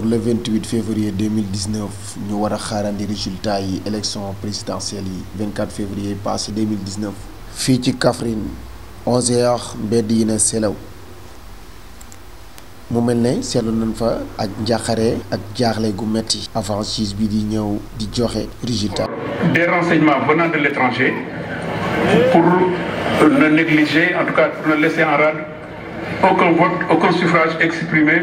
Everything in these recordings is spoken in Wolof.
tolloog le 28 février 2019 ñu war a xaarandi résultat yi élection présidentielle yi 24 février passé 2019 fii ci Kaffrine 11h mbedd yi na selaw mu mel ne seetlu nañ fa ak njaaxare ak jaaxle gu metti avant juge bi di ñëw di joxe résultat des renseignements venant de l'étranger pour ne négliger en tout cas pour ne laisser en rade aucun suffrage exprimé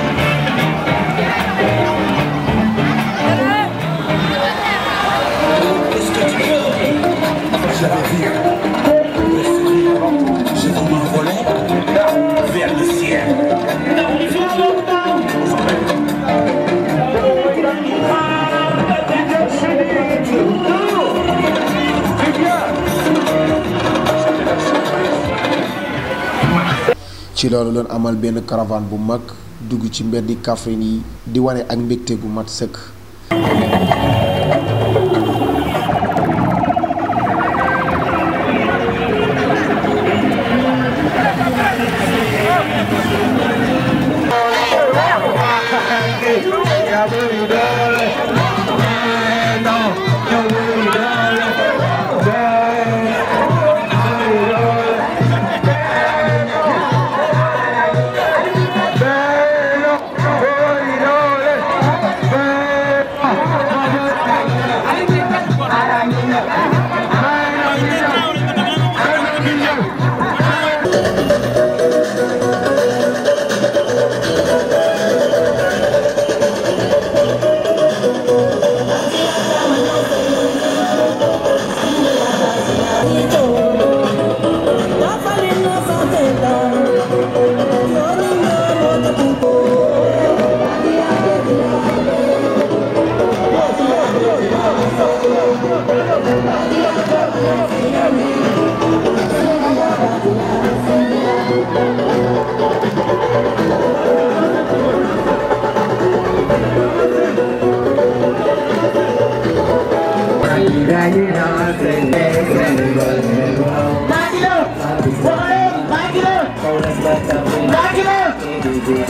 ci loolu loon amal benn caravane bu mag dugg ci mbeddi Kaffrine yi di wane ak mbégte gu mat sëkk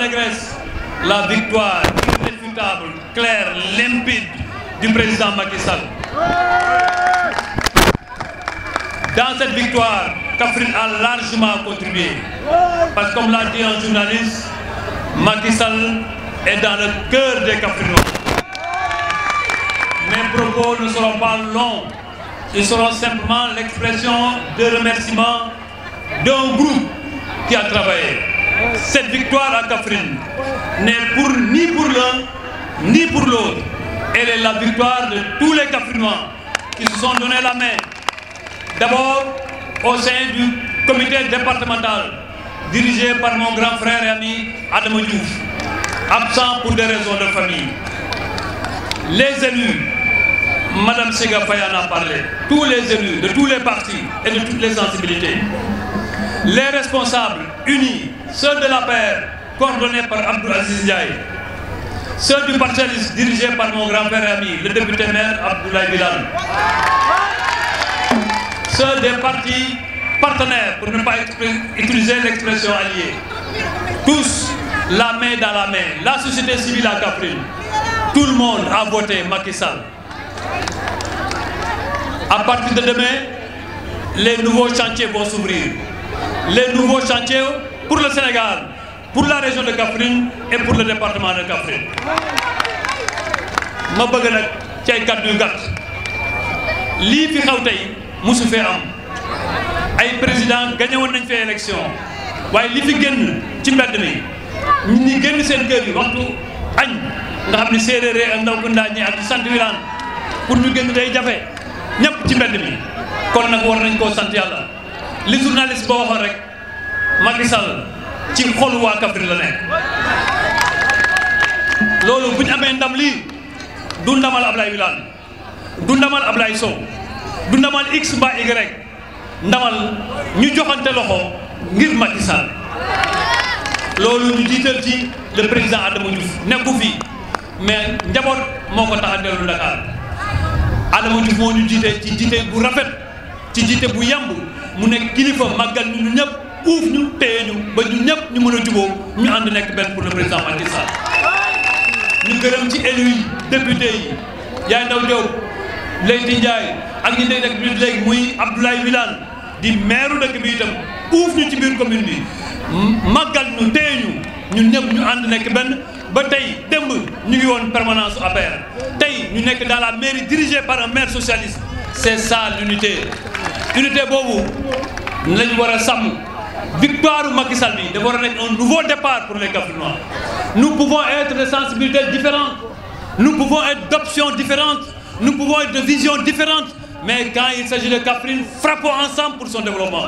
l'allégresse, la victoire irréfutable, claire, limpide du président Macky Dans cette victoire, Kaffrine a largement contribué. Parce que comme l'a dit un journaliste, Macky est dans le cœur des Kaffrinois. Mes propos ne seront pas longs. Ils seront simplement l'expression de remerciement d'un groupe qui a travaillé. cette victoire à Kaffrine n'est pour, ni pour l'un ni pour l'autre. Elle est la victoire de tous les Kaffrinois qui se sont donné la main. D'abord au sein du comité départemental dirigé par mon grand frère et ami Adama Diouf, absent pour des raisons de famille. Les élus, Madame Sega Faye en a parlé, tous les élus de tous les partis et de toutes les sensibilités, les responsables unis ceux de la paix coordonnés par Abdou Aziz Ndiaye, ceux du partenariat dirigé par mon grand-père et ami, le député maire Abdoulaye Bilal, ceux des partis partenaires, pour ne pas utiliser l'expression alliée, tous la main dans la main, la société civile à Kaffrine, tout le monde a voté Macky Sall. À partir de demain, les nouveaux chantiers vont s'ouvrir. Les nouveaux chantiers pour le Sénégal, pour la région de Kaffrine et pour le département de Kaffrine. ma bëgg nag ci ay kàddu yu gàtt lii fi xaw tey mosu fee am ay président gagné woon nañ fee élection waaye li fi génn ci mbedd mi ñi ñi génn seen kër yi waxtu añ nga xam ne séeréer ak ndaw ko ñi ak sant wilaan pour ñu génn day jafe ñépp ci mbedd mi kon nag war nañ koo sant yàlla li journaliste ba waxoon rek Macky Sall ci xolu waa Kaffrine la nekk loolu bu ñu amee ndam lii du ndamal Ablaye Wilane du ndamal Ablaye Sow du ndamal x ba y ndamal ñu joxante loxo ngir Macky Sall loolu ñu jiital ci le président Adama Diouf nekku fii mais njaboot moo ko tax a Adama Diouf moo ñu jiite ci jiite bu rafet ci jiite bu yamb mu nekk kilifa màggal ñu ñëpp. uuf ñu téye ñu ba ñu ñëpp ñu mën a jubóo ñu ànd nekk benn pour le président Macky Sall ñu gërëm ci élu yi député yi Yaay Ndaw Diop Leyti Ndiaye ak ñi day nekk bi léegi muy Abdoulaye Wilane di maire dëkk bi itam uuf ñu ci biir commune bi màggal ñu téye ñu ñun ñëpp ñu ànd nekk benn ba tey démb ñu ngi woon permanence su APR tey ñu nekk dans la mairie dirigée par un maire socialiste c'est ça l'unité unité boobu lañ war sàmm victoire Macky Sall bi dafa war a nekk un nouveau départ pour les Camerounois nous pouvons être de sensibilités différentes nous pouvons être d'options différentes visions différentes mais quand il s'agit de Kaffrine frappons ensemble pour son développement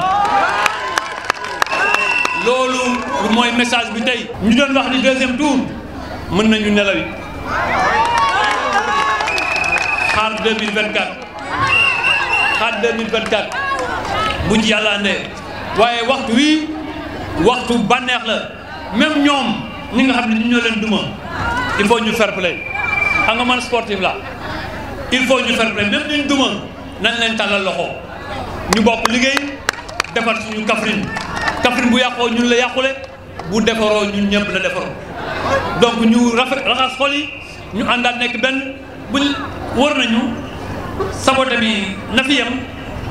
loolu mooy message bi tey ñu doon wax ni deuxième tour mën nañu nelawi xaar 2024 waaye waxtu wii waxtu bànneex la même ñoom ñi nga xam ne ñu ñoo leen duma il faut ñu fair play xam nga man sportif la il faut ñu fair play même ñu duma nañ leen tàllal loxo ñu bokk liggéey defar suñu Kaffrine Kaffrine bu yàqoo ñu la yàqule bu defaroo ñu ñëpp la defaroo donc ñu rafet raxas xol yi ñu àndaat nekk benn buñ war nañu sabote bi na fi yem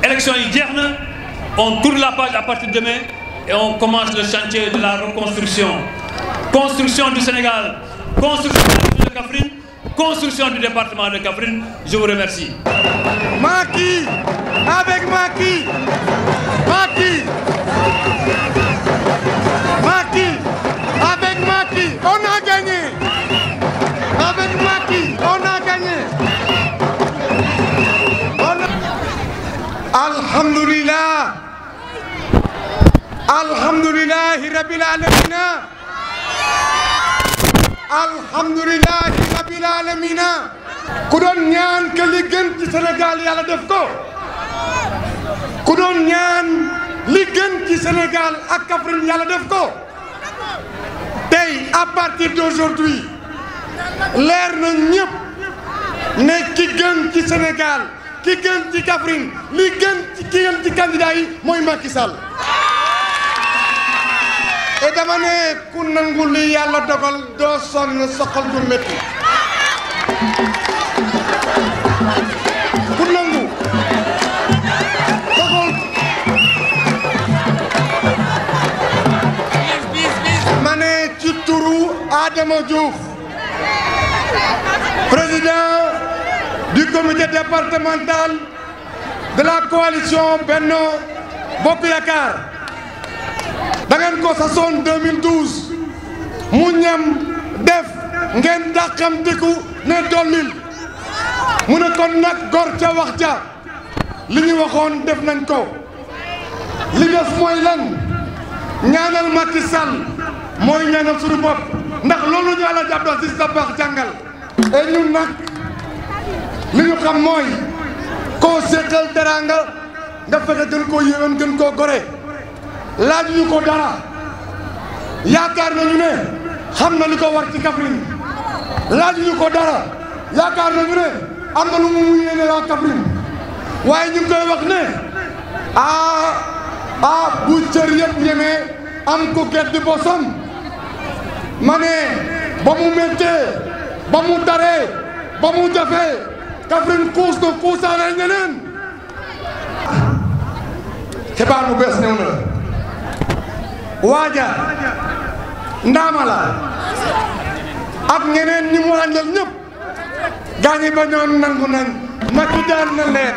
élection yi jeex na. On tourne la page à partir de demain et on commence le chantier de la reconstruction. Construction du Sénégal, construction de Kaffrine, construction du département de Kaffrine. Je vous remercie. avec Macky, Macky. alhamdulillahi rabbil alamin alhamdulillahi rabbil alamin ku doon ñaan ke li gën ci Sénégal yàlla ku doon ñaan li gën ci ak Kaffrine yàlla def ko tey à partir d'aujourd'hui leer na ñëpp ne ki gën ci Sénégal ki gën ci Kaffrine li gën ki gën ci mooy Macky Sall te dama ne ku nangu li yàlla dogal doo sonn soxal ku nangu soxal ma ne ci turu Adama Diouf président du de la coalition Benno Bokk da ko sa 2012 mu ñam def ngeen dàqamtiku ne dollil mu ne kon nag gor ca wax ja li ñu waxoon def nañ ko li des mooy lan ñaanal Macky Sall mooy ñaanal suñu bopp ndax loolu ñu àlla jàpp si sa baax jàngal et ñun nag li ñu xam mooy koo séqal teraanga nga fexe gën koo yéwén gën koo gore laaj ñu ko dara yaakaar nañu ne xam na li ko war ci laaj ñu ko dara yaakaar nañu ne am na lu mu yéene waa Kaffrine waaye ñu ngi koy wax ne ah ah bu cër yëpp ñemee am ko gedd bosam ma ne ba mu méttee ba mu taree ba mu jafee Kaffrine kuus na kuusaanee ñeneen xibaar bu bees ñëw na waaja ndaama la ak ñi mu àndal ñëpp gaa ñi nangu nañ Macky daan na leen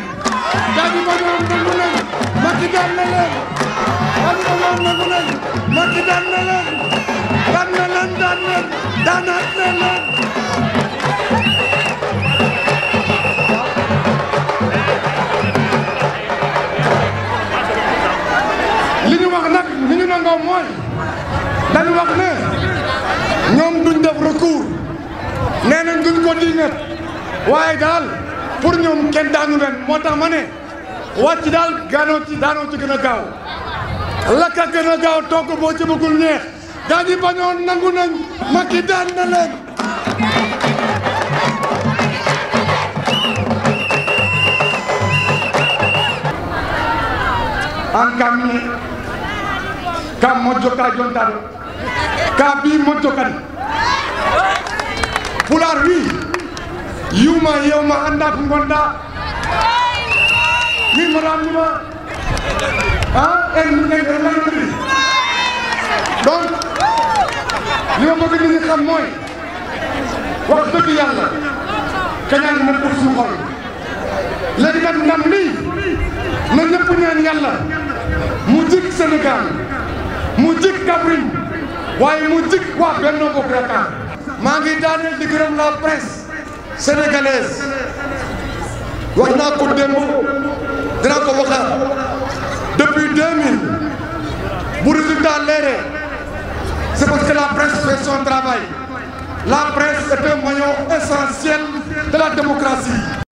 gaa ñi nangu nañ Macky daan na leen gaa ñi ba daan na leen daan na leen daan na leen daan na leen wax ne ñoom duñ def recours nee nañ duñ ko diingat waaye daal pour ñoom kenn daanu ren moo tax ma ne wàcc ci daanoo ci gën a gaaw lakk a gën a gaaw togg bañoon nangu nañ Macky na leen an kam ni kam moƴƴo ka ka ɓi moddo kan pular wi yiwma yewma anda ko gonɗa min mo ramnima a en en laynodiri donc li ma bëgg nit ñi xam mooy wax dëgg yàlla kañaan moom pour suñu xol léegi nag ndam lii na ñëpp ñaan yàlla mu jik Sénégal mu jik Kaffrine waaye mu jik waa Benno Bokk Yaakaar maa ngi daaneel di gërëm la presse sénégalaise wax naa ko démb dinaa ko waxaat depuis 2000 bu résultat leeree c'est parce que la presse fait son travail la presse est un maillon essentiel de la démocratie